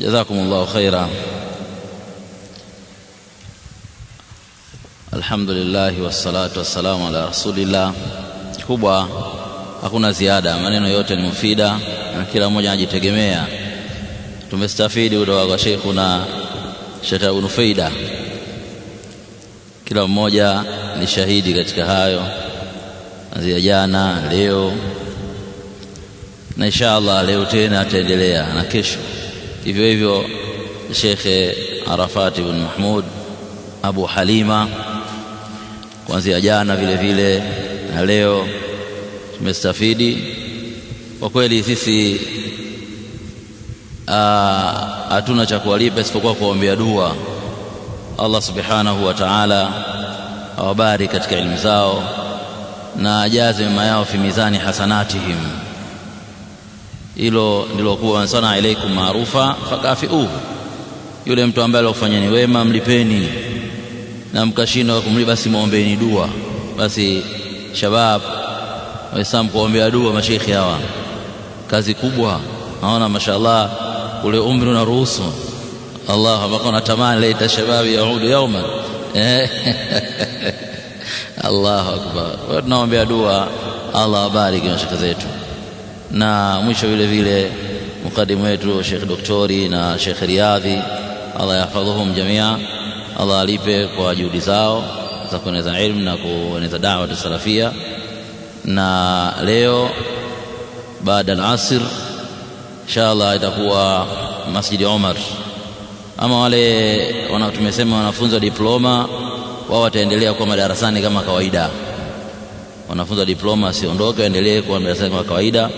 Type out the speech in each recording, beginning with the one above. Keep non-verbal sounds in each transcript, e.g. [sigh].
الحمد لله Alhamdulillah wassalatu wassalamu ala rasulillah. Kubwa hakuna ziada, maneno yote ni mufida na kila mmoja anajitegemea. Tumestafidi kutoka kwa Sheikhuna na Ibn Faida, kila mmoja ni shahidi katika hayo, azia jana, leo na insha Allah leo tena ataendelea na kesho. Hivyo hivyo Shekhe Arafati ibn Mahmud Abu Halima, kuanzia jana vile vile na leo tumestafidi kwa kweli. Sisi ah, hatuna cha kuwalipa isipokuwa kuombea dua Allah subhanahu wa ta'ala awabariki katika elimu zao na ajaze mema yao fi mizani hasanatihim hilo ndilo kuwa sana alaikum maarufa fakafiuhu, yule mtu ambaye ni wema mlipeni, na mkashinda kumli basi muombeeni dua. Basi shabab Waislamu kuombea dua mashaikh hawa kazi kubwa, naona mashaallah, ule umri ruhusu Allah ambako natamani leta shabab yaudu yauma eh, [laughs] Allahu akbar. Tunaombea dua, Allah abariki mashaikh zetu na mwisho vile vile mkadimu wetu Sheikh Doktori na Sheikh Riadhi, Allah yahfadhuhum jamia, Allah alipe kwa juhudi zao za kueneza ilmu na kueneza dawa ya salafia. Na leo baada ya asr inshallah itakuwa Masjidi Omar. Ama wale wana, tumesema wanafunzi wa diploma wao wataendelea kuwa madarasani kama kawaida. Wanafunzi wa diploma wasiondoke, waendelee kuwa madarasani kama kawaida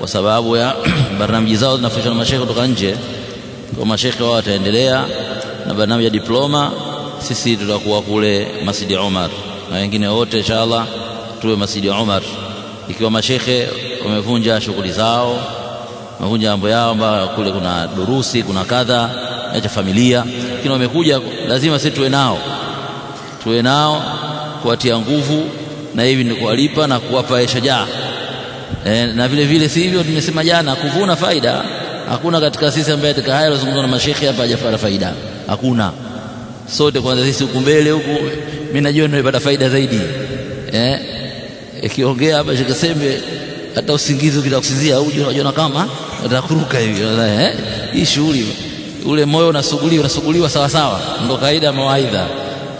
kwa sababu ya [clears throat] barnamiji zao zinafundishwa na mashekhe kutoka nje. Kwa mashekhe wao wataendelea na barnamiji ya diploma, sisi tutakuwa kule Masjidi Umar na wengine wote inshallah tuwe Masjidi Umar, ikiwa mashekhe wamevunja shughuli zao, wamevunja mambo yao, ambayo kule kuna durusi, kuna kadha acha familia, lakini wamekuja, lazima sisi tuwe nao, tuwe nao kuwatia nguvu, na hivi ni kuwalipa na kuwapa shajaa e, na vile vile si hivyo tumesema jana kuvuna faida hakuna katika sisi ambaye katika haya alizungumza na mashekhi hapa hajapata faida hakuna sote kwanza sisi huku mbele huku mimi najua nimepata faida zaidi eh ikiongea hapa Sheikh Sembe hata usingizi ukitakusizia uje unajiona kama utakuruka hivi eh hii shughuli ule moyo unasuguliwa unasuguliwa sawa sawa ndo kaida mawaidha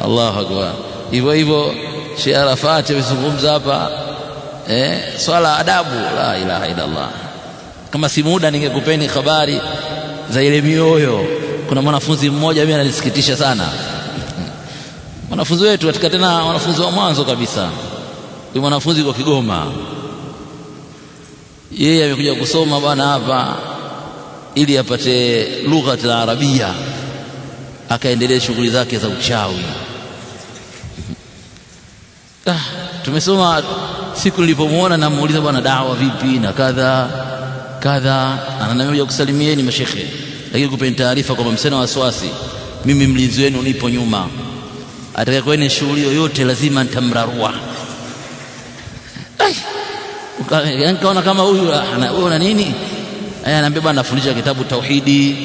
Allahu akbar hivyo hivyo Sheikh Arafati amezungumza hapa eh, swala adabu. La ilaha illallah. Kama si muda ningekupeni habari za ile mioyo. Kuna mwanafunzi mmoja mimi ananisikitisha sana, mwanafunzi wetu katika tena wanafunzi wa mwanzo kabisa, ni mwanafunzi kwa Kigoma. Yeye amekuja kusoma bwana hapa ili apate lugha ya Arabia, akaendelea shughuli zake za uchawi. Ah, tumesoma Siku nilipomuona namuuliza, bwana dawa vipi na kadha kadha, ananiambia kusalimieni mashekhe, lakini kupeni taarifa kwamba wa wasiwasi, mimi mlinzi wenu nipo nyuma, atakayekueni shughuli yoyote lazima nitamrarua. Yaani nikaona kama huyu ana nini? Anaambia bwana, nafundisha kitabu tauhidi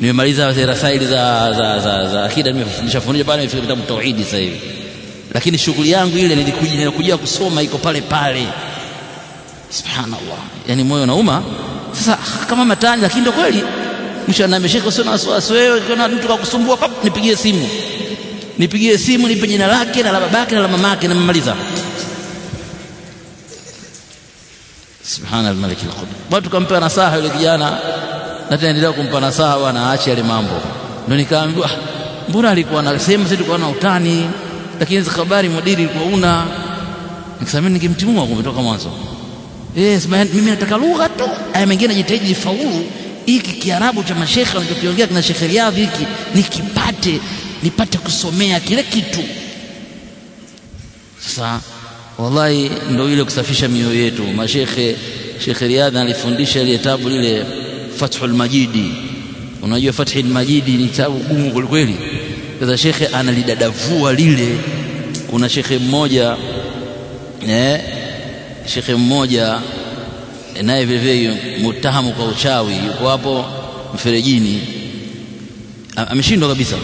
nimemaliza rasaili hili za akida, nimefundisha fundisha pale, nimefika kitabu tauhidi sasa hivi lakini shughuli yangu ile nilikuja kusoma iko pale pale. Subhanallah, yani moyo unauma sasa ah, kama matani, lakini ndio kweli. Mshana ameshika, sio na wasiwasi wewe, kuna mtu kakusumbua, pap, nipigie simu, nipigie simu, nipe jina lake na la babake na la mamake, namemaliza. Subhana al-Malik al-Qudus. Bwana, tukampa nasaha yule kijana, na tunaendelea kumpa nasaha, bwana aache yale mambo. Ndio nikaambiwa ah, mbona alikuwa na sehemu, sisi tulikuwa na utani lakini hizo habari mwadiri kwa una nikisema nikimtimua kumbe toka mwanzo yes eh, mimi nataka lugha tu aya mengine najitahidi faulu hiki kiarabu cha mashekhe anachokiongea kina shekhe Riadhi hiki nikipate nipate kusomea kile kitu sasa wallahi ndio ile kusafisha mioyo yetu mashekhe shekhe Riadhi alifundisha ile tabu lile Fathul Majidi unajua Fathul Majidi ni tabu gumu kwelikweli kweli sasa shekhe analidadavua lile. Kuna shekhe mmoja eh, shekhe mmoja eh, naye vilevile mutahamu kwa uchawi, yuko hapo mferejini, ameshindwa kabisa,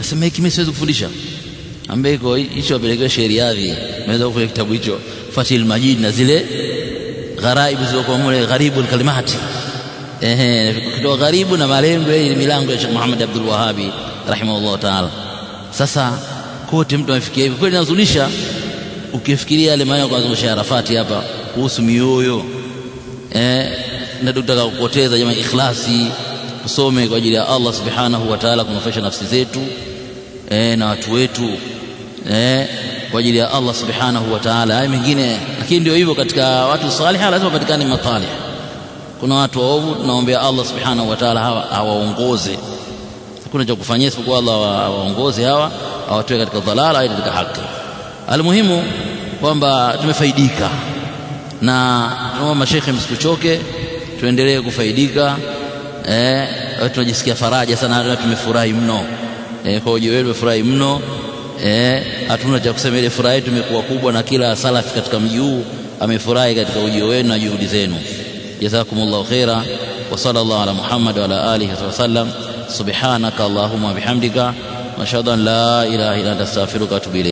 asema hiki mimi siwezi kufundisha ambaye iko hicho apelekewe Sheriadhi, naweza kufanya kitabu hicho fasil Majid na zile gharaibu zilizokuwa mule gharibu kalimati, ehe, kutoa gharibu na malengo ya eh, milango ya Sheikh Muhammad Abdul Wahabi rahimahullahu taala. Sasa kote mtu amefikia hivyo, kweli, nazulisha ukifikiria yale maneno kazungusha Arafati hapa kuhusu mioyo eh, na tutaka kupoteza jamaa, ikhlasi usome kwa ajili ya Allah subhanahu wa taala, kunufaisha nafsi zetu eh, na watu wetu eh, kwa ajili ya Allah subhanahu wa taala. Haya mengine lakini ndio hivyo, katika watu saliha lazima patikane matalih. Kuna watu waovu, tunaombea Allah subhanahu wa taala hawaongoze hawa hakuna cha kufanyia isipokuwa Allah waongoze hawa awatoe katika dhalala au katika haki. Almuhimu kwamba tumefaidika na tunaomba mashekhe, msituchoke, tuendelee kufaidika eh, tunajisikia faraja sana na tumefurahi mno eh, kwa ujio wenu tumefurahi mno eh, hatuna cha kusema, ile furaha yetu imekuwa kubwa, na kila salafi katika mji huu amefurahi katika ujio wenu na juhudi zenu. Jazakumullahu khaira wa sallallahu ala Muhammad wa ala alihi wasallam. سبحانك اللهم وبحمدك واشهد ان لا اله الا انت استغفرك واتوب اليك